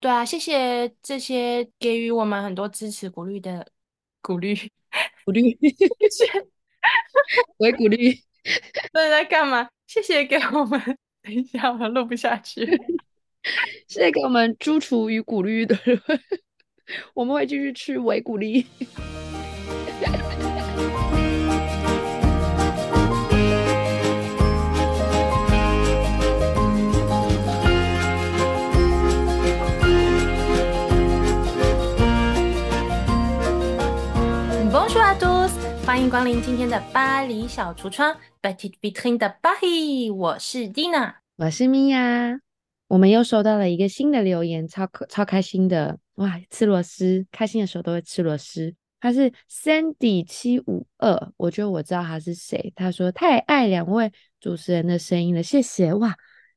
對啊，謝謝這些給予我們很多支持鼓勵的鼓勵鼓勵，維骨力，那 你在幹嘛？謝謝給我們，等一下我們錄不下去。 謝謝給我們朱廚與鼓勵的人， 我們會繼續吃維骨力。歡迎光臨今天的巴黎小櫥窗，Petite Vitrine de Paris 我是 Dina，我是 Mia，我們又收到了一個新的留言，超可超開心的哇！吃螺絲，開心的時候都會吃螺絲。他是 Sandy 七五二，我覺得我知道他是誰。他說太愛兩位主持人的聲音了，謝謝哇！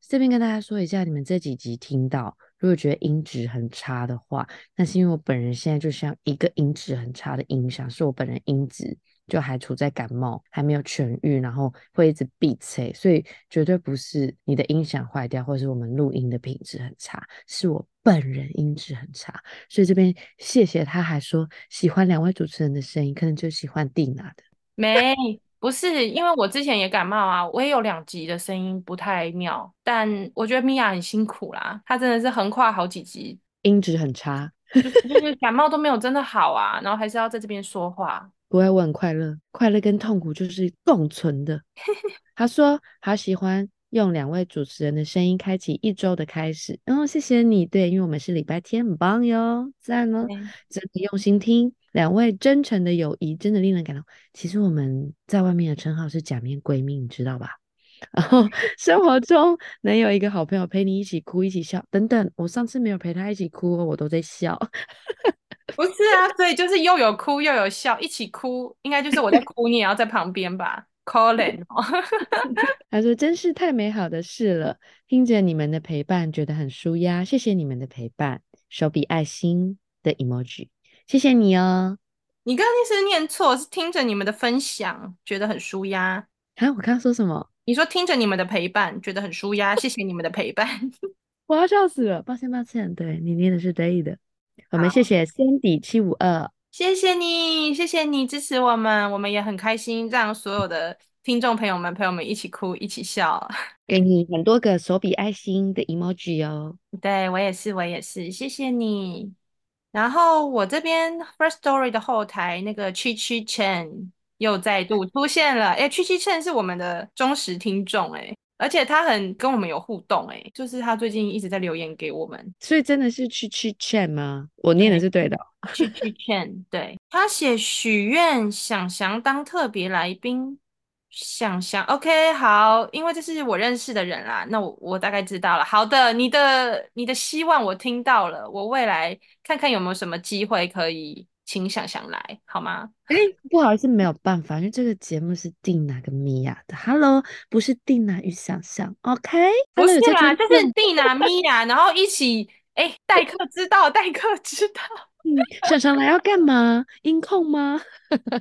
這邊跟大家說一下，你們這幾集聽到，如果覺得音質很差的話，那是因為我本人現在就像一個音質很差的音響，是我本人音質。就還處在感冒，還沒有痊癒，然後會一直閉嘴，所以絕對不是你的音響壞掉，或是我們錄音的品質很差，是我本人音質很差。所以這邊謝謝他，還說喜歡兩位主持人的聲音，可能就喜歡蒂娜的。沒，不是，因為我之前也感冒啊，我也有兩集的聲音不太妙，但我覺得米婭很辛苦啦，她真的是橫跨好幾集，音質很差， 就是感冒都沒有真的好啊，然後還是要在這邊說話。不會，我很快樂。快樂跟痛苦就是共存的。他說，他喜歡用兩位主持人的聲音開啟一週的開始。然、嗯、後謝謝你，對，因為我們是禮拜天，很棒喲，讚哦，嗯、真的用心聽，兩位真誠的友誼真的令人感動。其實我們在外面的稱號是假面閨蜜，你知道吧？然後生活中能有一個好朋友陪你一起哭，一起笑，等等。我上次沒有陪他一起哭，哦，我都在笑。 不是啊，所以就是又有哭又有笑，一起哭，應該就是我在哭， 你也要在旁邊吧？Colin， 他說真是太美好的事了，聽着你們的陪伴，覺得很舒壓。謝謝你們的陪伴，手比愛心的 emoji，謝謝你哦。你剛剛是念錯，是聽着你們的分享，覺得很舒壓。哎、啊，我剛剛說什麼？你說，聽着你們的陪伴，覺得很舒壓，謝謝你們的陪伴， 我要笑死了，抱歉抱歉，對，你念的是對的。我們謝謝 Cindy 七五二，謝謝你，謝謝你支持我們，我們也很開心，讓所有的聽眾朋友們、朋友們一起哭，一起笑，給你很多個手比愛心的 emoji 哦。 對我也是，我也是，謝謝你。然後我這邊 First Story 的後台那個 Chichi Chen 又再度出現了，哎，Chichi Chen 是我們的忠實聽眾誒，哎。而且他很跟我們有互動誒，就是他最近一直在留言給我們，所以真的是去去 chan 嗎？我念的是對的，去去 chan，對，他寫許願想想當特別來賓，想想 OK 好，因為這是我認識的人啦，那我我大概知道了，好的，你的你的希望我聽到了，我未來看看有沒有什麼機會可以。請想想來好嗎？哎、欸，不好意思，沒有辦法，因為這個節目是 Dina 跟 Mia 的。Hello，不是 Dina 與想象，OK？Hello, 不是啦，就是 Dina、Mia，ia, 然後一起哎，待客之道，待客之道、嗯。想想來要幹嘛？ 音控嗎？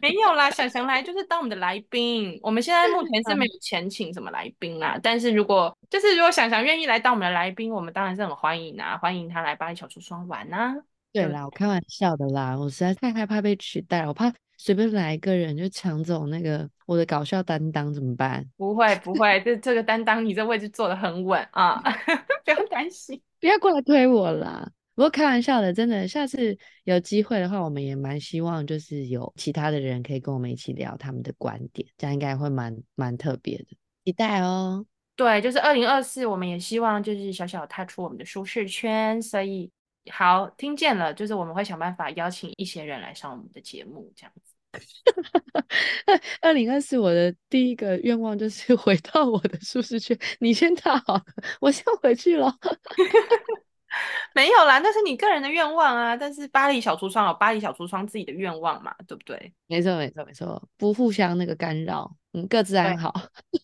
沒有啦，想想來就是當我們的來賓。 我們現在目前是沒有錢請什麼來賓啦， 但是如果就是如果想想願意來當我們的來賓，我們當然是很歡迎啦、啊。歡迎他來巴黎小櫥窗玩吶、啊。對啦，我開玩笑的啦，我實在太害怕被取代，我怕隨便來一個人就搶走那個我的搞笑擔當怎麼辦？不會不會，不會 這這個擔當你這位置坐得很穩啊， 不要擔心，不要過來推我啦。不過開玩笑的，真的，下次有機會的話，我們也蠻希望就是有其他的人可以跟我們一起聊他們的觀點，這樣應該會蠻蠻特別的，期待哦。對，就是二零二四，我們也希望就是小小踏出我們的舒適圈，所以。好，聽見了，就是我們會想辦法邀請一些人來上我們的節目，這樣子。二零二四，我的第一個願望就是回到我的舒適圈。你先踏好了，我先回去了。 沒有啦，那是你個人的願望啊。但是巴黎小櫥窗有巴黎小櫥窗自己的願望嘛，對不對？沒錯，沒錯，沒錯，不互相那個干擾，嗯，各自安好，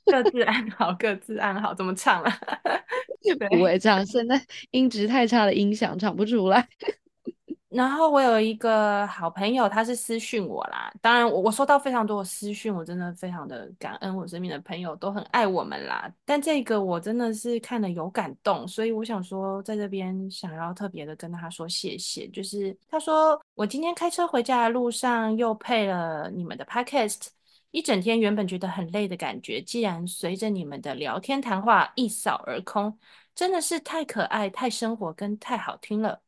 對 各自安好，各自安好，怎麼唱啊？ 不會唱，現在音質太差的音響唱不出來。然後我有一個好朋友，他是私訊我啦。當然我，我我收到非常多的私訊，我真的非常的感恩，我身邊的朋友都很愛我們啦。但這個我真的是看了有感動，所以我想說，在這邊想要特別的跟他說謝謝。就是他說，我今天開車回家的路上又配了你們的 podcast。一整天原本覺得很累的感覺，既然隨着你們的聊天談話一掃而空，真的是太可愛、太生活跟太好聽了。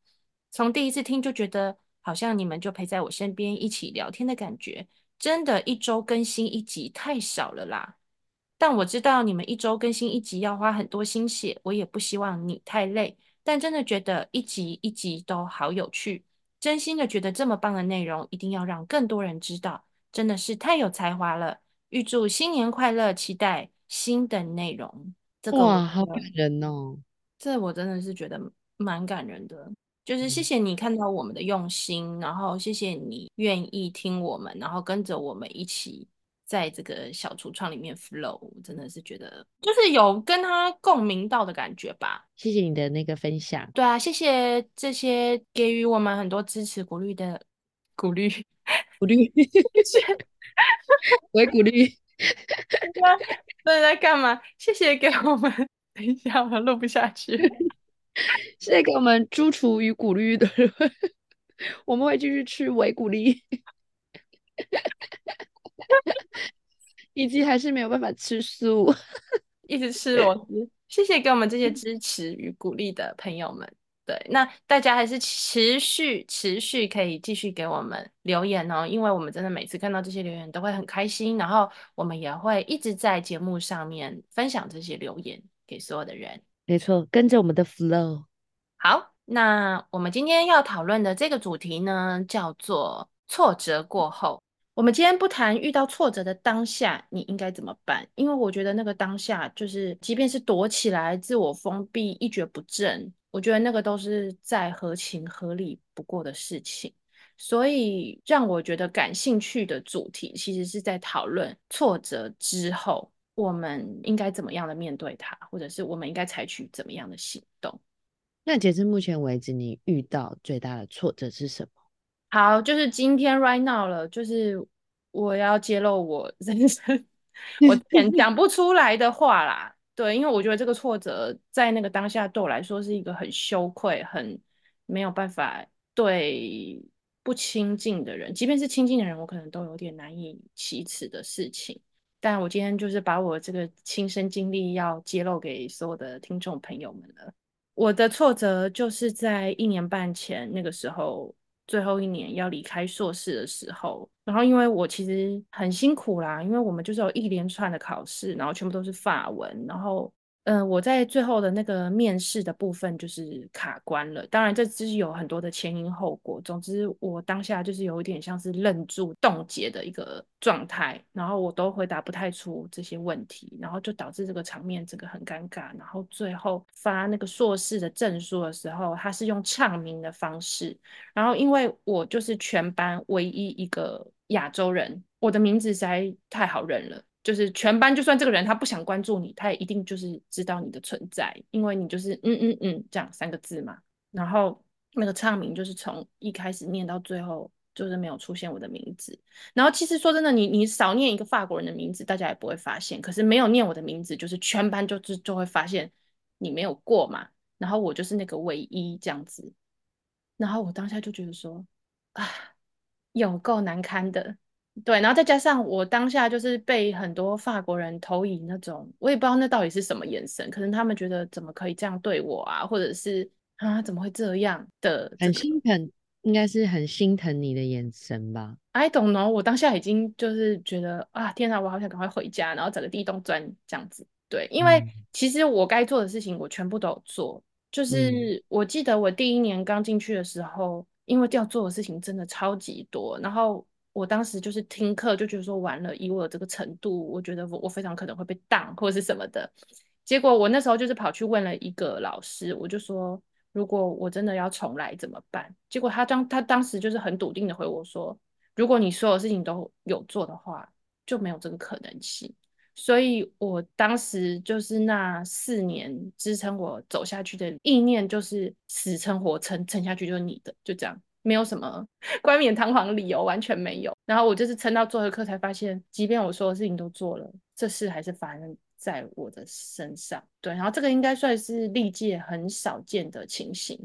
從第一次聽就覺得，好像你們就陪在我身邊一起聊天的感覺，真的，一周更新一集太少了啦。但我知道你們一周更新一集要花很多心血，我也不希望你太累。但真的覺得一集一集都好有趣，真心的覺得這麼棒的內容一定要讓更多人知道。真的是太有才華了！預祝新年快樂，期待新的內容。這個、哇，好感人哦！這我真的是覺得蠻感人的，就是謝謝你看到我們的用心，嗯、然後謝謝你願意聽我們，然後跟着我們一起在這個小櫥窗裡面 flow。真的是覺得就是有跟他共鳴到的感覺吧。謝謝你的那個分享。對啊，謝謝這些給予我們很多支持鼓勵的鼓勵鼓勵，維骨力，那那你在幹嘛？謝謝給我們，等一下我錄不下去。 謝謝給我們支持與鼓勵的，人，我們會繼續吃維骨力，以及還是沒有辦法吃素， 一直吃螺絲。謝謝給我們這些支持與鼓勵的朋友們。對，那大家還是持續持續可以繼續給我們留言哦，因為我們真的每次看到這些留言都會很開心，然後我們也會一直在節目上面分享這些留言給所有的人。沒錯，跟着我們的 flow。好，那我們今天要討論的這個主題呢，叫做挫折過後。我們今天不談遇到挫折的當下，你應該怎麼辦？因為我覺得那個當下就是，即便是躲起來、自我封閉、一蹶不振。我覺得那個都是再合情合理不過的事情，所以讓我覺得感興趣的主題，其實是在討論挫折之後，我們應該怎麼樣的面對它，或者是我們應該採取怎麼樣的行動。那截至目前為止，你遇到最大的挫折是什麼？好，就是今天 right now 了，就是我要揭露我人生 我講不出來的話啦。 對，因為我覺得這個挫折在那個當下對我來說是一個很羞愧、很沒有辦法對不親近的人，即便是親近的人，我可能都有點難以啟齒的事情。但我今天就是把我這個親身經歷要揭露給所有的聽眾朋友們了。我的挫折就是在一年半前那個時候。最後一年要離開碩士的時候，然後因為我其實很辛苦啦，因為我們就是有一連串的考試，然後全部都是法文，然後。嗯、呃，我在最後的那個面試的部分就是卡關了。當然，這只是有很多的前因後果。總之，我當下就是有一點像是愣住、凍結的一個狀態，然後我都回答不太出這些問題，然後就導致這個場面整個很尷尬。然後最後發那個碩士的證書的時候，他是用唱名的方式，然後因為我就是全班唯一一個亞洲人，我的名字實在太好認了。就是全班，就算這個人他不想關注你，他也一定就是知道你的存在，因為你就是嗯嗯嗯這樣三個字嘛。然後那個唱名就是從一開始念到最後，就是沒有出現我的名字。然後其實說真的，你你少念一個法國人的名字，大家也不會發現。可是沒有念我的名字，就是全班就是就，就會發現你沒有過嘛。然後我就是那個唯一這樣子。然後我當下就覺得說啊，有夠難堪的。對，然後再加上我當下就是被很多法國人投以那種我也不知道那到底是什麼眼神，可能他們覺得怎麼可以這樣對我啊，或者是啊怎麼會這樣的，這個、很心疼，應該是很心疼你的眼神吧。I don't know，我當下已經就是覺得啊天哪，我好想趕快回家，然後整個地洞鑽這樣子。對，因為其實我該做的事情我全部都有做，就是我記得我第一年剛進去的時候，嗯、因為要做的事情真的超級多，然後。我當時就是聽課，就覺得說，完了，以我這個程度，我覺得我我非常可能會被當或是什麼的。結果我那時候就是跑去問了一個老師，我就說，如果我真的要重來怎麼辦？結果他當他當時就是很篤定的回我說，如果你所有事情都有做的話，就沒有這個可能性。所以我當時就是那四年支撐我走下去的意念，就是死撐活撐撐下去，就是你的，就這樣。沒有什麼冠冕堂皇的理由，完全沒有。然後我就是撐到最後一刻才發現，即便我說的事情都做了，這事還是發生在我的身上。對，然後這個應該算是歷屆很少見的情形，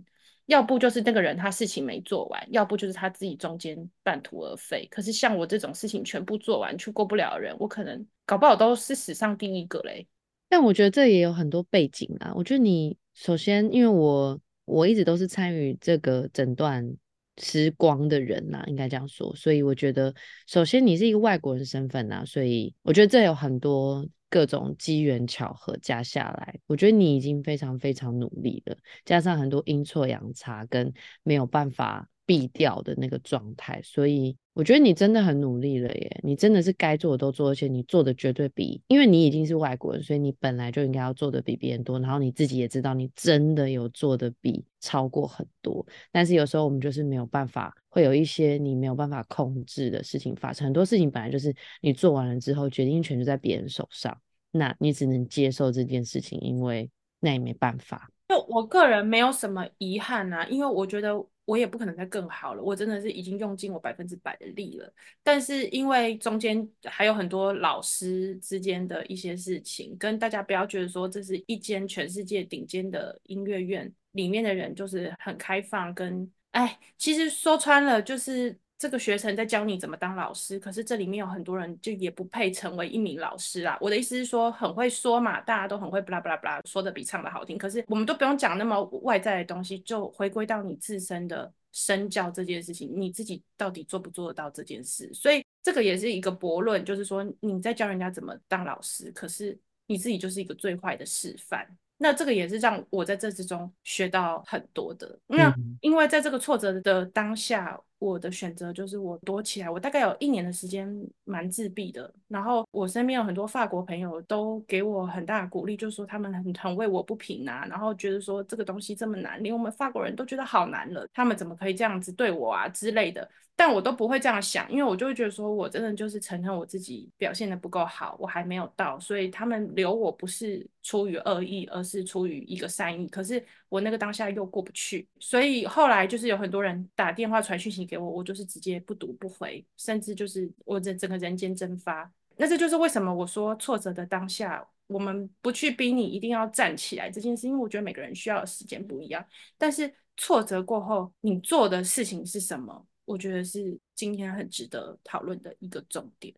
要不就是那個人他事情沒做完，要不就是他自己中間半途而廢。可是像我這種事情全部做完去過不了的人，我可能搞不好都是史上第一個嘞。但我覺得這也有很多背景啊。我覺得你首先因為我我一直都是參與這個診斷。吃光的人吶，應該這樣說。所以我覺得，首先你是一個外國人身份吶，所以我覺得這有很多各種機緣巧合加下來。我覺得你已經非常非常努力了，加上很多陰錯陽差跟沒有辦法避掉的那個狀態，所以。我覺得你真的很努力了耶，你真的是該做的都做，而且你做的絕對比，因為你已經是外國人，所以你本來就應該要做的比別人多。然後你自己也知道，你真的有做的比超過很多。但是有時候我們就是沒有辦法，會有一些你沒有辦法控制的事情發生。很多事情本來就是你做完了之後，決定權就在別人手上，那你只能接受這件事情，因為那也沒辦法。就我個人沒有什麼遺憾啊，因為我覺得。我也不可能再更好了，我真的是已經用盡我百分之百的力了。但是因為中間還有很多老師之間的一些事情，跟大家不要覺得說這是一間全世界頂尖的音樂院，裡面的人就是很開放跟，跟哎，其實說穿了就是。這個學程在教你怎麼當老師，可是這裡面有很多人就也不配成為一名老師啊。我的意思是說，很會說嘛，大家都很會，blah blah blah，說的比唱的好聽。可是我們都不用講那麼外在的東西，就回歸到你自身的身教這件事情，你自己到底做不做得到這件事？所以這個也是一個悖論，就是說你在教人家怎麼當老師，可是你自己就是一個最壞的示範。那這個也是讓我在這之中學到很多的。那因為在這個挫折的當下。我的選擇就是我躲起來，我大概有一年的時間蠻自閉的。然後我身邊有很多法國朋友都給我很大的鼓勵，就是說他們很很為我不平啊，然後覺得說這個東西這麼難，連我們法國人都覺得好難了，他們怎麼可以這樣子對我啊之類的。但我都不會這樣想，因為我就會覺得說我真的就是承認我自己表現得不夠好，我還沒有到，所以他們留我不是出於惡意，而是出於一個善意。可是。我那個當下又過不去，所以後來就是有很多人打電話傳訊息給我，我就是直接不讀不回，甚至就是我整整個人間蒸發。那這就是為什麼我說挫折的當下，我們不去逼你一定要站起來這件事情，因為我覺得每個人需要的時間不一樣。但是挫折過後，你做的事情是什麼？我覺得是今天很值得討論的一個重點。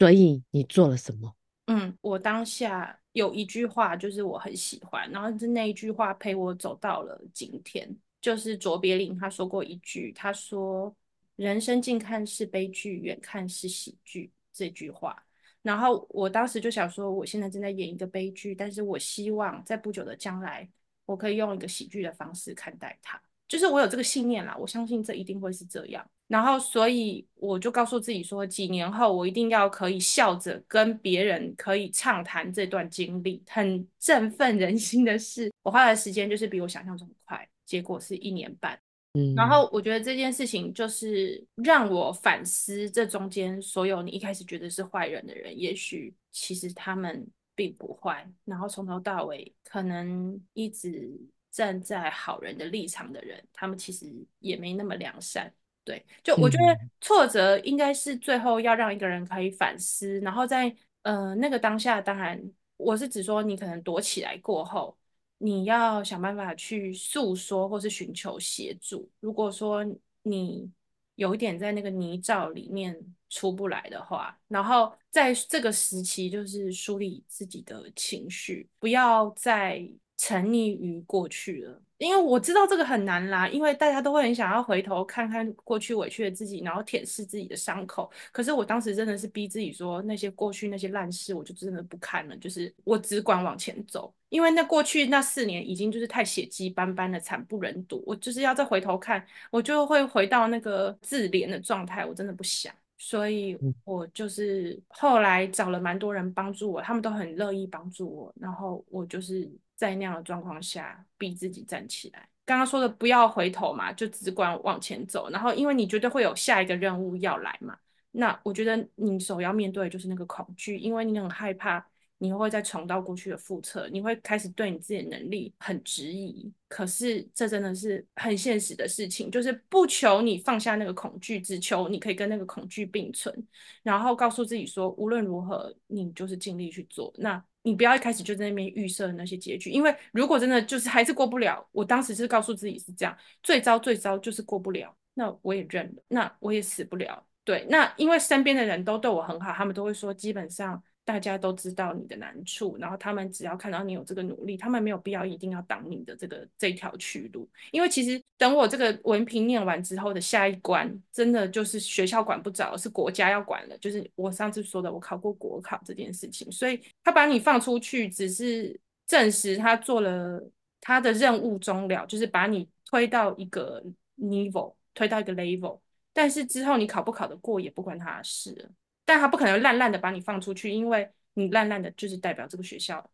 所以你做了什麼？嗯，我當下。有一句話就是我很喜歡，然後是那一句話陪我走到了今天，就是卓別林他說過一句，他說，人生近看是悲劇，遠看是喜劇這句話。然後我當時就想說，我現在正在演一個悲劇，但是我希望在不久的將來，我可以用一個喜劇的方式看待它。就是我有這個信念啦，我相信這一定會是這樣。然後，所以我就告訴自己說，幾年後我一定要可以笑着跟別人可以暢談這段經歷，很振奮人心的事。我花的時間就是比我想象中快，結果是一年半。嗯，然後我覺得這件事情就是讓我反思，這中間所有你一開始覺得是壞人的人，也許其實他們並不壞，然後從頭到尾可能一直。站在好人的立場的人，他們其實也沒那麼良善。對，就我覺得挫折應該是最後要讓一個人可以反思，嗯、然後在呃那個當下，當然我是指說你可能躲起來過後，你要想辦法去訴說或是尋求協助。如果說你有一點在那個泥沼裡面出不來的話，然後在這個時期就是梳理自己的情緒，不要再。沉溺於過去了，因為我知道這個很難啦。因為大家都會很想要回頭看看過去委屈的自己，然後舔舐自己的傷口。可是我當時真的是逼自己說，那些過去那些爛事，我就真的不看了，就是我只管往前走。因為那過去那四年已經就是太血跡斑斑的慘不忍睹，我就是要再回頭看，我就會回到那個自憐的狀態，我真的不想。所以我就是後來找了蠻多人幫助我，他們都很樂意幫助我。然後我就是在那樣的狀況下逼自己站起來。剛剛說的不要回頭嘛，就只管往前走。然後因為你覺得會有下一個任務要來嘛，那我覺得你首要面對的就是那個恐懼，因為你很害怕，你會再重蹈過去的覆轍，你會開始對你自己的能力很質疑。可是這真的是很現實的事情，就是不求你放下那個恐懼，只求你可以跟那個恐懼並存，然後告訴自己說，無論如何，你就是盡力去做。那你不要一開始就在那邊預設那些結局，因為如果真的就是還是過不了，我當時是告訴自己是這樣，最糟最糟就是過不了，那我也認了，那我也死不了。對，那因為身邊的人都對我很好，他們都會說，基本上。大家都知道你的難處，然後他們只要看到你有這個努力，他們沒有必要一定要擋你的這個這條去路。因為其實等我這個文憑念完之後的下一關，真的就是學校管不着，是國家要管了。就是我上次說的，我考過國考這件事情，所以他把你放出去，只是證實他做了他的任務終了，就是把你推到一個 niveau，推到一個 level。但是之後你考不考得過，也不關他的事。但他不可能爛爛的把你放出去，因為你爛爛的，就是代表這個學校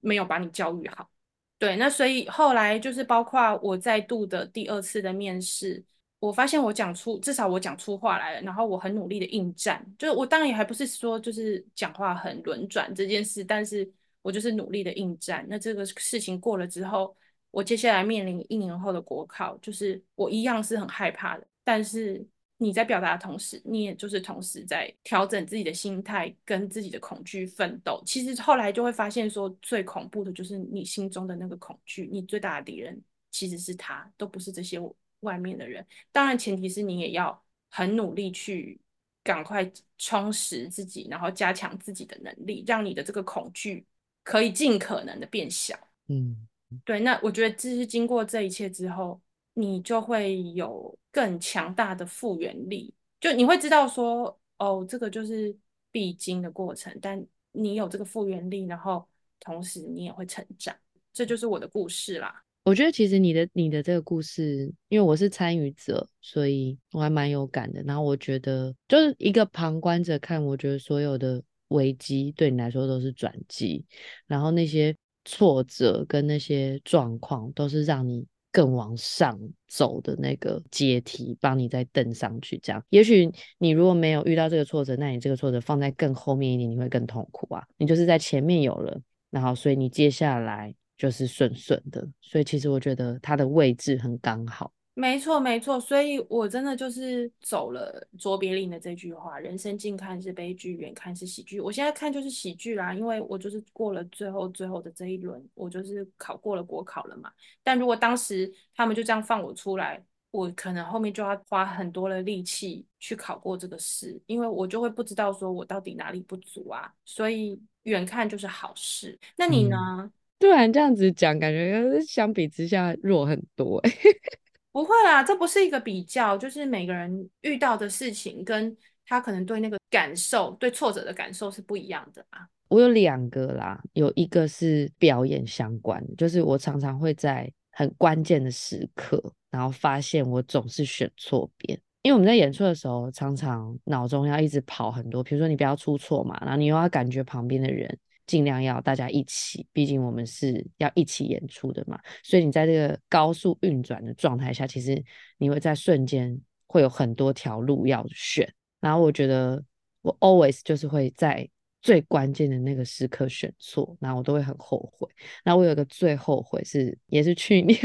沒有把你教育好。對，那所以後來就是包括我再度的第二次的面試，我發現我講出至少我講出話來了，然後我很努力的應戰，就是我當然也還不是說就是講話很輪轉這件事，但是我就是努力的應戰。那這個事情過了之後，我接下來面臨一年後的國考，就是我一樣是很害怕的，但是。你在表達的同時，你也就是同時在調整自己的心態，跟自己的恐懼奮鬥。其實後來就會發現，說最恐怖的就是你心中的那個恐懼，你最大的敵人其實是他，都不是這些外面的人。當然，前提是你也要很努力去趕快充實自己，然後加強自己的能力，讓你的這個恐懼可以盡可能的變小。嗯，對。那我覺得，就是經過這一切之後，你就會有。更強大的復原力，就你會知道說，哦，這個就是必經的過程。但你有這個復原力，然後同時你也會成長，這就是我的故事啦。我覺得其實你的你的這個故事，因為我是參與者，所以我還蠻有感的。然後我覺得就是一個旁觀者看，我覺得所有的危機對你來說都是轉機，然後那些挫折跟那些狀況都是讓你。更往上走的那個階梯，幫你再登上去，這樣。也許你如果沒有遇到這個挫折，那你這個挫折放在更後面一點，你會更痛苦啊。你就是在前面有了，然後所以你接下來就是順順的。所以其實我覺得它的位置很剛好。沒錯，沒錯，所以我真的就是走了卓別林的這句話：“人生近看是悲劇，遠看是喜劇。”我現在看就是喜劇啦，因為我就是過了最後最後的這一輪，我就是考過了國考了嘛。但如果當時他們就這樣放我出來，我可能後面就要花很多的力氣去考過這個試，因為我就會不知道說我到底哪裡不足啊。所以遠看就是好事。那你呢？突然、嗯啊、這樣子講，感覺相比之下弱很多。 不會啦，這不是一個比較，就是每個人遇到的事情跟他可能對那個感受、對挫折的感受是不一樣的啊。我有兩個啦，有一個是表演相關，就是我常常會在很關鍵的時刻，然後發現我總是選錯邊，因為我們在演出的時候，常常腦中要一直跑很多，比如說你不要出錯嘛，然後你又要感覺旁邊的人。盡量要大家一起，畢竟我們是要一起演出的嘛。所以你在這個高速運轉的狀態下，其實你會在瞬間會有很多條路要選。然後我覺得我 always 就是會在最關鍵的那個時刻選錯，然後我都會很後悔。那我有一個最後悔是，也是去年，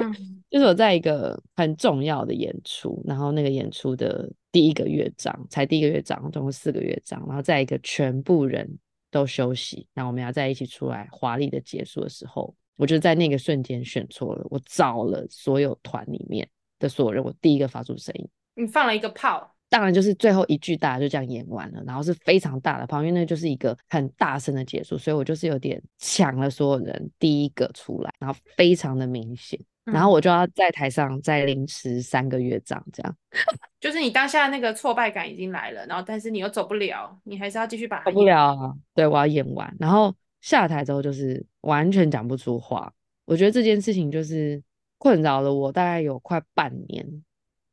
嗯、 就是我在一個很重要的演出，然後那個演出的第一個樂章，才第一個樂章，總共四個樂章，然後在一個全部人都休息，那我們要在一起出來華麗的結束的時候，我就在那個瞬間選錯了。我找了所有團裡面的所有人，我第一個發出聲音，你放了一個炮。當然就是最後一句大家就這樣演完了，然後是非常大的炮，因為那就是一個很大聲的結束，所以我就是有點搶了所有人第一個出來，然後非常的明顯。然後我就要在台上再凌遲三個樂章，這樣 就是你當下那個挫敗感已經來了，然後但是你又走不了，你還是要繼續把它演。走不了啊？對，我要演完。然後下台之後就是完全講不出話。我覺得這件事情就是困擾了我大概有快半年，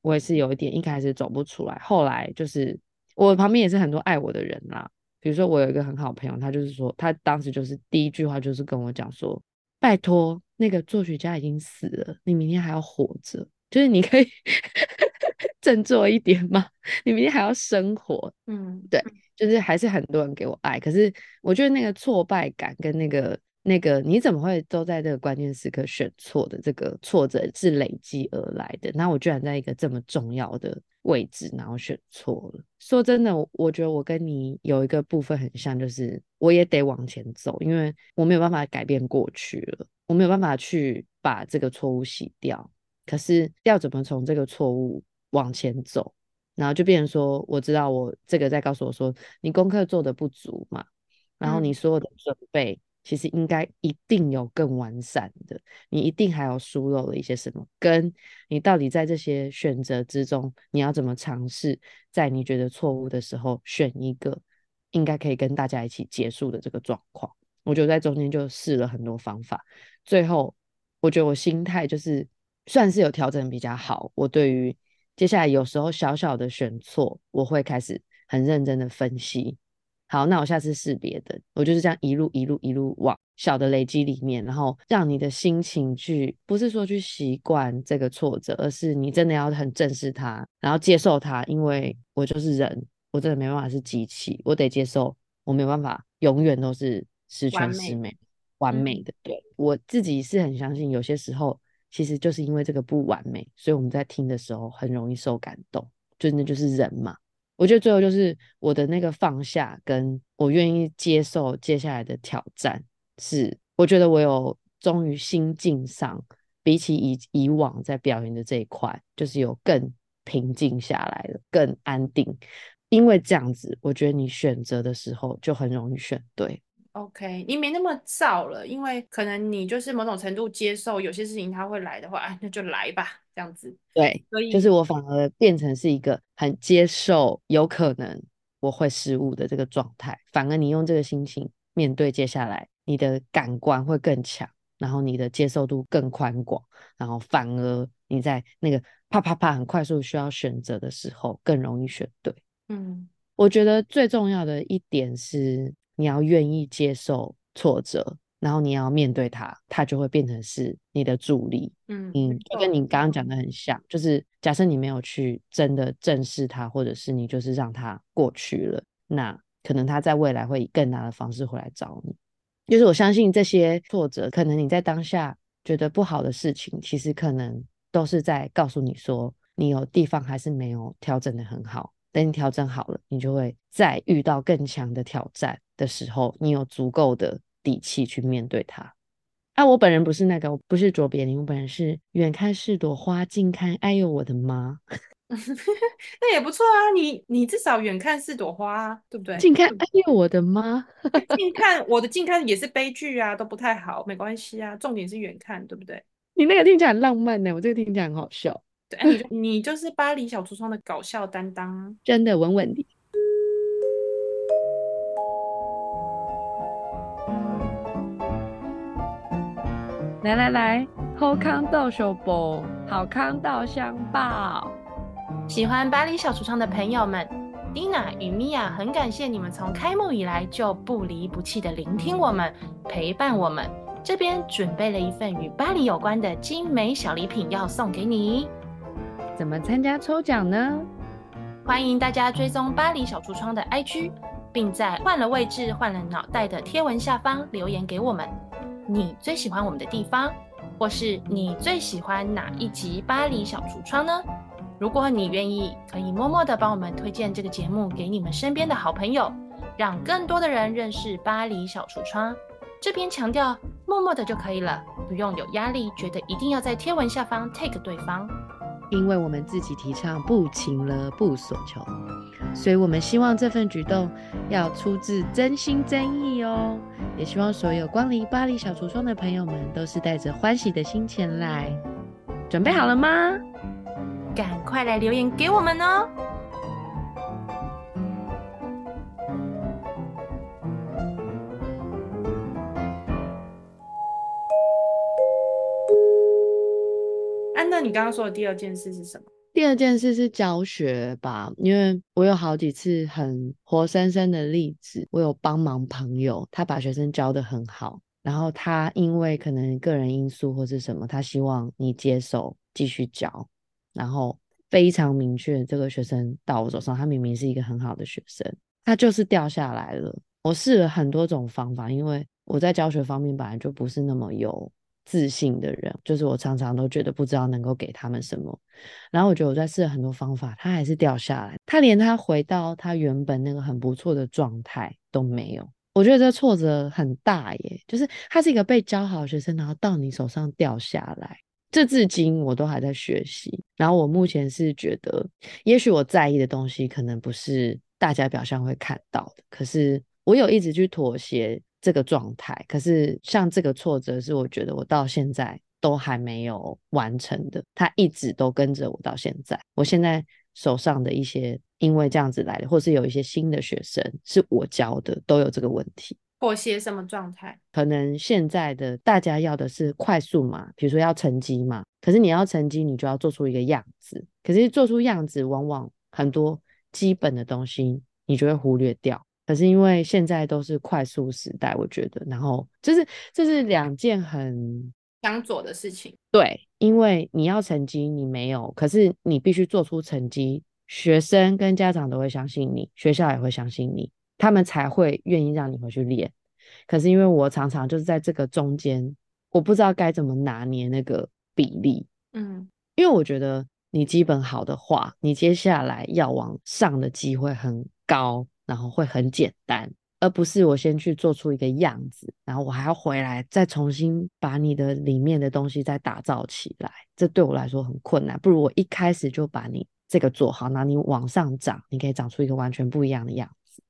我也是有一點一開始走不出來，後來就是我旁邊也是很多愛我的人啦，比如說我有一個很好朋友，他就是說他當時就是第一句話就是跟我講說，拜托。那個作曲家已經死了，你明天還要活着，就是你可以 振作一點嗎？你明天還要生活，嗯，對，就是還是很多人給我愛，可是我覺得那個挫敗感跟那個那個你怎麼會都在這個關鍵時刻選錯的這個挫折是累積而來的。那我居然在一個這麼重要的位置，然後選錯了。說真的，我覺得我跟你有一個部分很像，就是我也得往前走，因為我沒有辦法改變過去了。我沒有辦法去把這個錯誤洗掉，可是要怎麼從這個錯誤往前走，然後就變成說，我知道我這個在告訴我說，你功課做的不足嘛，然後你所有的準備其實應該一定有更完善的，嗯、你一定還有疏漏了一些什麼，跟你到底在這些選擇之中，你要怎麼嘗試，在你覺得錯誤的時候選一個應該可以跟大家一起結束的這個狀況。我就在中間就試了很多方法，最後我覺得我心態就是算是有調整比較好。我對於接下來有時候小小的選錯，我會開始很認真的分析。好，那我下次試別的。我就是這樣一路一路一路往小的累積裡面，然後讓你的心情去不是說去習慣這個挫折，而是你真的要很正視它，然後接受它。因為我就是人，我真的沒辦法是機器，我得接受，我沒辦法永遠都是。十全十美，完美，完美的。嗯、對我自己是很相信，有些時候其實就是因為這個不完美，所以我們在聽的時候很容易受感動。真的就是人嘛，我覺得最後就是我的那個放下，跟我願意接受接下來的挑戰是，我覺得我有終於心境上，比起以以往在表演的這一塊，就是有更平靜下來了，更安定。因為這樣子，我覺得你選擇的時候就很容易選對。OK，你沒那麼燥了，因為可能你就是某種程度接受有些事情它會來的話，啊，那就來吧，這樣子。對，所以就是我反而變成是一個很接受有可能我會失誤的這個狀態，反而你用這個心情面對接下來，你的感官會更強，然後你的接受度更寬廣，然後反而你在那個啪啪啪很快速需要選擇的時候更容易選對。嗯。我覺得最重要的一點是，你要願意接受挫折，然後你要面對它，它就會變成是你的助力。嗯嗯，就跟你剛剛講的很像，就是假設你沒有去真的正視它，或者是你就是讓它過去了，那可能它在未來會以更大的方式回來找你。就是我相信這些挫折，可能你在當下覺得不好的事情，其實可能都是在告訴你說，你有地方還是沒有調整的很好。等你調整好了，你就會再遇到更強的挑戰的時候，你有足夠的底氣去面對它。哎、啊，我本人不是那個，我不是卓別林，我本人是遠看是朵花，近看哎呦我的媽， 那也不錯啊。你你至少遠看是朵花，對不對？近看哎呦我的媽， 近看我的近看也是悲劇啊，都不太好，沒關係啊。重點是遠看，對不對？你那個聽起來很浪漫呢、欸，我這個聽起來很好笑。欸、你，就你就是巴黎小櫥窗的搞笑擔當，啊，真的穩穩的。來來來，好康到手抱，好康到相報。喜歡巴黎小櫥窗的朋友們，Dina 與 Mia 很感謝你們從開幕以來就不離不棄的聆聽我們、陪伴我們。這邊準備了一份與巴黎有關的精美小禮品要送給你。怎麼參加抽獎呢？歡迎大家追蹤巴黎小櫥窗的 IG，並在換了位置、換了腦袋的貼文下方留言給我們。你最喜歡我們的地方，或是你最喜歡哪一集《巴黎小櫥窗》呢？如果你願意，可以默默的幫我們推薦這個節目給你們身邊的好朋友，讓更多的人認識《巴黎小櫥窗》。這邊強調，默默的就可以了，不用有壓力，覺得一定要在貼文下方 take 對方。因為我們自己提倡不情勒不索求，所以我們希望這份舉動要出自真心真意哦。也希望所有光臨巴黎小櫥窗的朋友們都是帶着歡喜的心前來。準備好了嗎？趕快來留言給我們哦！你剛剛說的第二件事是什麼？第二件事是教學吧，因為我有好幾次很活生生的例子，我有幫忙朋友，他把學生教得很好，然後他因為可能個人因素或是什麼，他希望你接受繼續教，然後非常明確這個學生到我手上，他明明是一個很好的學生，他就是掉下來了。我試了很多種方法，因為我在教學方面本來就不是那麼優。自信的人，就是我常常都覺得不知道能夠給他們什麼。然後我覺得我在試了很多方法，他還是掉下來，他連他回到他原本那個很不錯的狀態都沒有。我覺得這挫折很大耶，就是他是一個被教好的學生，然後到你手上掉下來。這至今我都還在學習。然後我目前是覺得，也許我在意的東西，可能不是大家表象會看到的。可是我有一直去妥協。這個狀態，可是像這個挫折是我覺得我到現在都還沒有完成的，他一直都跟着我到現在。我現在手上的一些因為這樣子來的，或是有一些新的學生是我教的，都有這個問題。妥協什麼狀態？可能現在的大家要的是快速嘛，比如說要成績嘛。可是你要成績，你就要做出一個樣子。可是做出樣子，往往很多基本的東西你就會忽略掉。可是因為現在都是快速時代，我覺得，然後就是這是兩件很相左的事情。對，因為你要成績，你沒有，可是你必須做出成績，學生跟家長都會相信你，學校也會相信你，他們才會願意讓你回去練。可是因為我常常就是在這個中間，我不知道該怎麼拿捏那個比例。嗯，因為我覺得你基本好的話，你接下來要往上的機會很高。然後會很簡單，而不是我先去做出一個樣子，然後我還要回來再重新把你的裡面的東西再打造起來。這對我來說很困難，不如我一開始就把你這個做好，然後你往上長，你可以長出一個完全不一樣的樣子。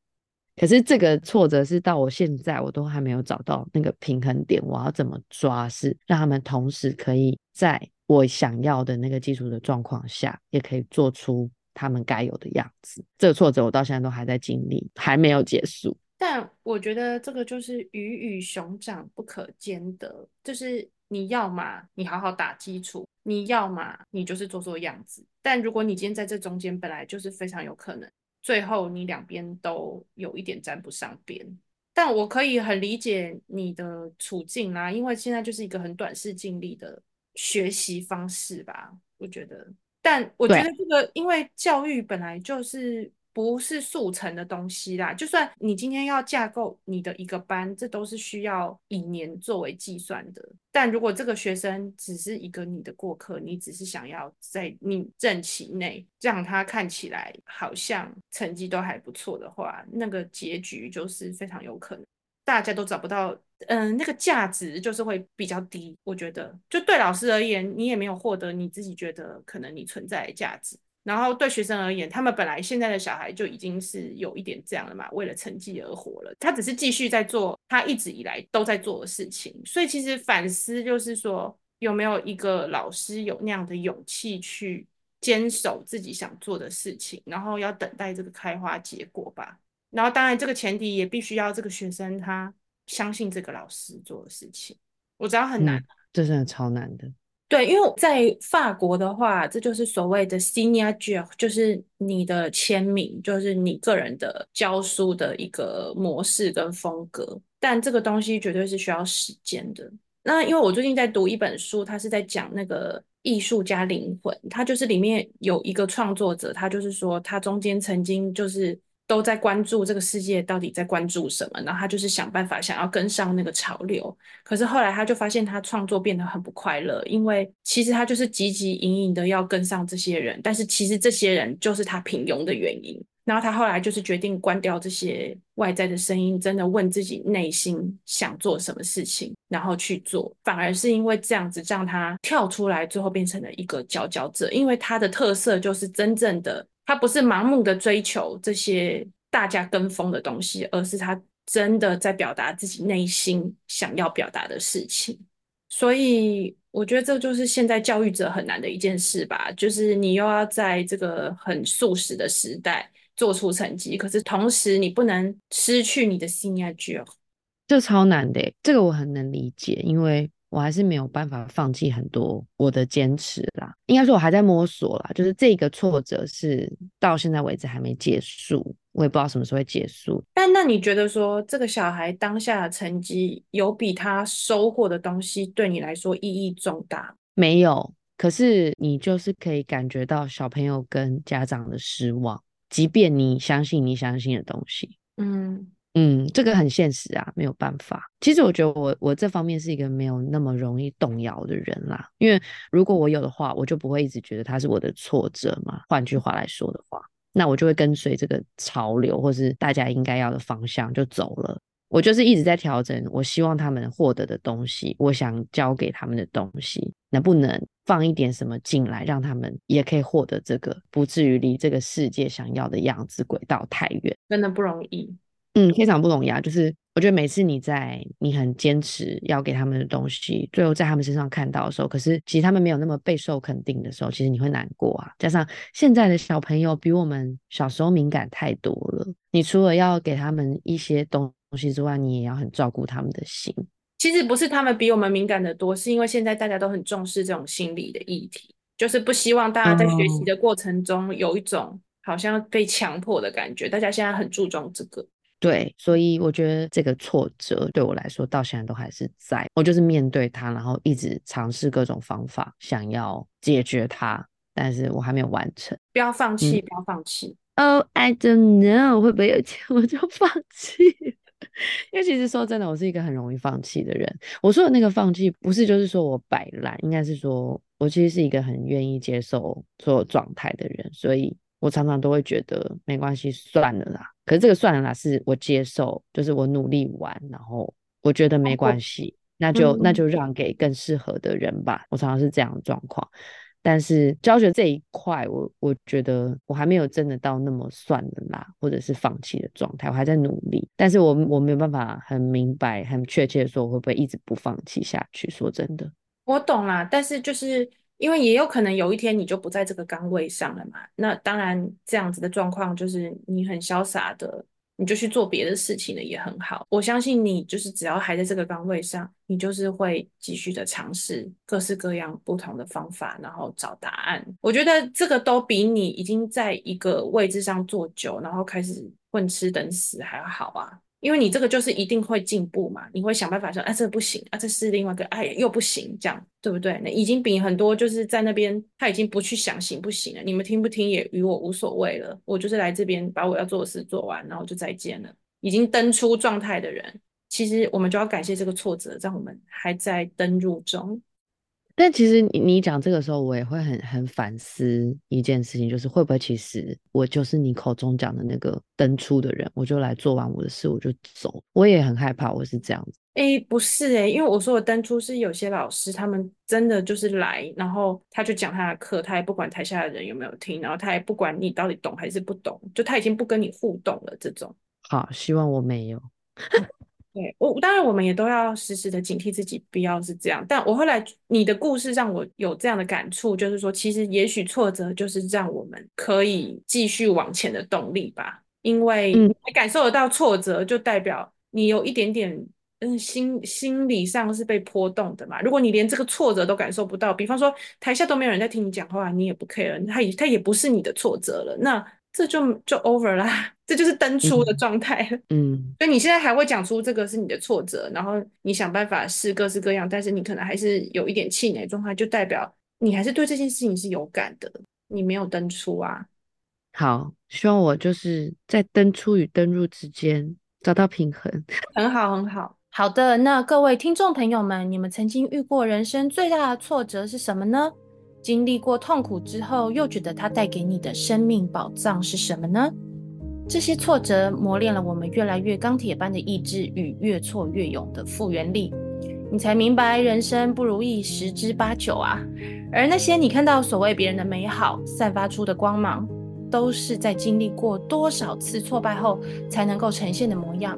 可是這個挫折是到我現在我都還沒有找到那個平衡點，我要怎麼抓，是讓他們同時可以在我想要的那個基礎的狀況下，也可以做出，他們該有的樣子，這個挫折我到現在都還在經歷，還沒有結束。但我覺得這個就是魚與熊掌不可兼得，就是你要嘛，你好好打基礎；你要嘛，你就是做做樣子。但如果你今天在這中間，本來就是非常有可能，最後你兩邊都有一點沾不上邊。但我可以很理解你的處境啦、啊，因為現在就是一個很短視近利的學習方式吧，我覺得。但我覺得這個，因為教育本來就是不是速成的東西啦。就算你今天要架構你的一個班，這都是需要以年作為計算的。但如果這個學生只是一個你的過客，你只是想要在你任期內讓他看起來好像成績都還不錯的話，那個結局就是非常有可能大家都找不到。嗯，那個價值就是會比較低，我覺得。就對老師而言，你也沒有獲得你自己覺得可能你存在的價值。然後對學生而言，他們本來現在的小孩就已經是有一點這樣了嘛，為了成績而活了。他只是繼續在做他一直以來都在做的事情。所以其實反思就是說，有沒有一個老師有那樣的勇氣去堅守自己想做的事情，然後要等待這個開花結果吧。然後當然這個前提也必須要這個學生他。相信這個老師做的事情。我知道很難，嗯、這是很超難的。對，因為在法國的話，這就是所謂的 s i g n a r e 就是你的簽名，就是你個人的教書的一個模式跟風格。但這個東西絕對是需要時間的。那因為我最近在讀一本書，他是在講那個藝術家靈魂，他就是裡面有一個創作者，他就是說他中間曾經就是。都在關注這個世界到底在關注什麼，然後他就是想辦法想要跟上那個潮流。可是後來他就發現，他創作變得很不快樂，因為其實他就是汲汲營營的要跟上這些人，但是其實這些人就是他平庸的原因。然後他後來就是決定關掉這些外在的聲音，真的問自己內心想做什麼事情，然後去做，反而是因為這樣子讓他跳出來，最後變成了一個佼佼者。因為他的特色就是真正的。他不是盲目的追求這些大家跟風的東西，而是他真的在表達自己內心想要表達的事情。所以我覺得這就是現在教育者很難的一件事吧，就是你又要在這個很速食的時代做出成績，可是同時你不能失去你的心啊、哦！這超難的，這個我很能理解，因為。我還是沒有辦法放棄很多我的堅持啦，應該說我還在摸索啦，就是這個挫折是到現在為止還沒結束，我也不知道什麼時候會結束。但那你覺得說這個小孩當下的成績有比他收穫的東西對你來說意義重大？沒有，可是你就是可以感覺到小朋友跟家長的失望，即便你相信你相信的東西。嗯。嗯，這個很現實啊，沒有辦法。其實我覺得我我這方面是一個沒有那麼容易動搖的人啦，因為如果我有的話，我就不會一直覺得它是我的挫折嘛。換句話來說的話，那我就會跟隨這個潮流或是大家應該要的方向就走了。我就是一直在調整，我希望他們獲得的東西，我想教給他們的東西，能不能放一點什麼進來，讓他們也可以獲得這個，不至於離這個世界想要的樣子軌道太遠。真的不容易。嗯，非常不容易啊！就是我覺得每次你在你很堅持要給他們的東西，最後在他們身上看到的時候，可是其實他們沒有那麼備受肯定的時候，其實你會難過啊。加上現在的小朋友比我們小時候敏感太多了，你除了要給他們一些東東西之外，你也要很照顧他們的心。其實不是他們比我們敏感的多，是因為現在大家都很重視這種心理的議題，就是不希望大家在學習的過程中有一種好像被強迫的感覺。Oh. 大家現在很注重這個。對，所以我覺得這個挫折對我來說到現在都還是在，我就是面對它，然後一直嘗試各種方法想要解決它，但是我還沒有完成。不要放棄，嗯、不要放棄。Oh, I don't know，會不會有一天我就放棄？ 因為其實說真的，我是一個很容易放棄的人。我說的那個放棄，不是就是說我擺爛，應該是說我其實是一個很願意接受所有狀態的人，所以。我常常都會覺得沒關係，算了啦。可是這個算了啦，是我接受，就是我努力完，然後我覺得沒關係，那就那就讓給更適合的人吧。我常常是這樣的狀況。但是教學這一塊，我我覺得我還沒有真的到那麼算了啦，或者是放棄的狀態。我還在努力，但是我我沒有辦法很明白、很確切的說，我會不會一直不放棄下去？說真的，我懂啦，但是就是。因為也有可能有一天你就不在這個崗位上了嘛。那當然，這樣子的狀況就是你很瀟灑的，你就去做別的事情了也很好。我相信你就是只要還在這個崗位上，你就是會繼續的嘗試各式各樣不同的方法，然後找答案。我覺得這個都比你已經在一個位置上坐久，然後開始混吃等死還要好啊。因為你這個就是一定會進步嘛，你會想辦法說，啊，這不行，啊，這是另外一個，哎呀，又不行，這樣，對不對？那已經比很多就是在那邊，他已經不去想行不行了，你們聽不聽也與我無所謂了，我就是來這邊把我要做的事做完，然後就再見了。已經登出狀態的人，其實我們就要感謝這個挫折，讓我們還在登入中。但其實你講這個時候，我也會很很反思一件事情，就是會不會其實我就是你口中講的那個登出的人，我就來做完我的事，我就走。我也很害怕我是這樣子。哎、欸，不是哎、欸，因為我說我登出是有些老師，他們真的就是來，然後他就講他的課，他也不管臺下的人有沒有聽，然後他也不管你到底懂還是不懂，就他已經不跟你互動了。這種好、啊，希望我沒有。 對，我當然，我們也都要時時的警惕自己，不要是這樣。但我後來你的故事讓我有這樣的感觸，就是說，其實也許挫折就是讓我們可以繼續往前的動力吧。因為你感受得到挫折，就代表你有一點點嗯心心理上是被波動的嘛。如果你連這個挫折都感受不到，比方說台下都沒有人在聽你講話，你也不 care，他也他也不是你的挫折了。那。這就就 over 啦，這就是登出的狀態。嗯，嗯，所以你現在還會講出這個是你的挫折，然後你想辦法試各式各樣，但是你可能還是有一點氣餒狀態，就代表你還是對這件事情是有感的，你沒有登出啊。好，希望我就是在登出與登入之間找到平衡。很好，很好。好的，那各位聽眾朋友們，你們曾經遇過人生最大的挫折是什麼呢？經歷過痛苦之後，又覺得它帶給你的生命寶藏是什麼呢？這些挫折磨練了我們越來越鋼鐵般的意志與越挫越勇的復原力，你才明白人生不如意十之八九啊。而那些你看到所謂別人的美好散發出的光芒，都是在經歷過多少次挫敗後才能夠呈現的模樣。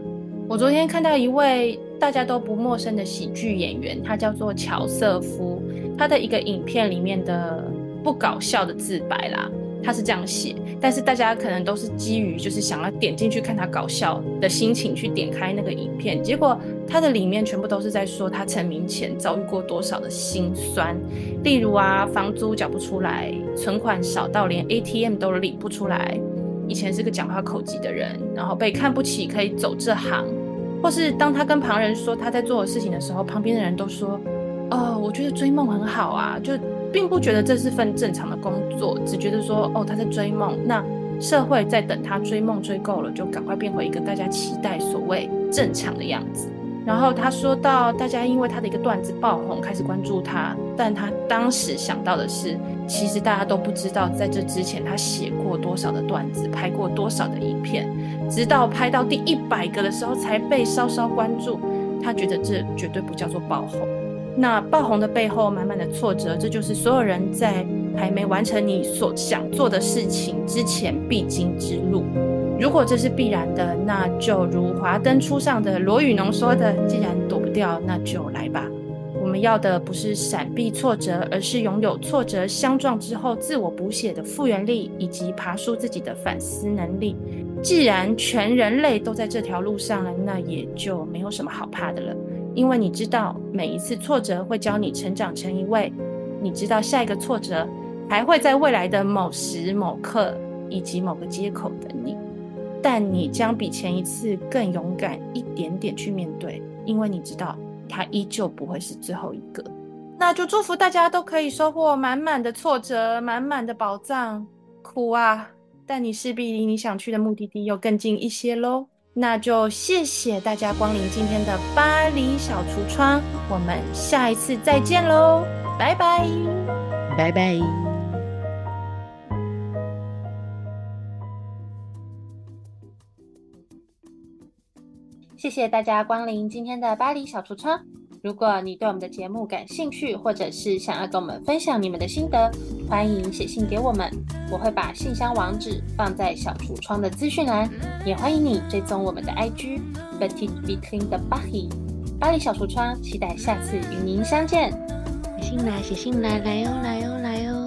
我昨天看到一位大家都不陌生的喜劇演員，他叫做喬瑟夫。他的一個影片裡面的不搞笑的自白啦，他是這樣寫。但是大家可能都是基於就是想要點進去看他搞笑的心情去點開那個影片，結果他的裡面全部都是在說他成名前遭遇過多少的辛酸，例如啊，房租繳不出來，存款少到連 ATM 都領不出來。以前是個講話口吃的人，然後被看不起，可以走這行，或是當他跟旁人說他在做的事情的時候，旁邊的人都說：“哦，我覺得追夢很好啊，就並不覺得這是份正常的工作，只覺得說哦他在追夢，那社會在等他追夢追夠了，就趕快變回一個大家期待所謂正常的樣子。”然後他說到，大家因為他的一個段子爆紅，開始關注他。但他當時想到的是，其實大家都不知道，在這之前他寫過多少的段子，拍過多少的影片，直到拍到第一百個的時候，才被稍稍關注。他覺得這絕對不叫做爆紅。那爆紅的背後，滿滿的挫折，這就是所有人在還沒完成你所想做的事情之前必經之路。如果這是必然的，那就如華燈初上的羅雨儂說的：“既然躲不掉，那就來吧。我們要的不是閃避挫折，而是擁有挫折相撞之後自我補血的復原力，以及爬出自己的反思能力。既然全人類都在這條路上了，那也就沒有什麼好怕的了。因為你知道，每一次挫折會教你成長成一位，你知道下一個挫折還會在未來的某時某刻以及某個街口等你。”但你將比前一次更勇敢一點點去面對，因為你知道它依舊不會是最後一個。那就祝福大家都可以收穫滿滿的挫折，滿滿的寶藏。苦啊，但你勢必離你想去的目的地又更近一些嘍。那就謝謝大家光臨今天的巴黎小櫥窗，我們下一次再見嘍，拜拜，拜拜。謝謝大家光臨今天的巴黎小櫥窗。如果你對我們的節目感興趣，或者是想要跟我們分享你們的心得，歡迎寫信給我們，我會把信箱網址放在小櫥窗的資訊欄。也歡迎你追蹤我們的 IG，Petite Vitrine de Paris 巴黎小櫥窗，期待下次與您相見。寫信啦寫信啦，來喲，來喲，來喲。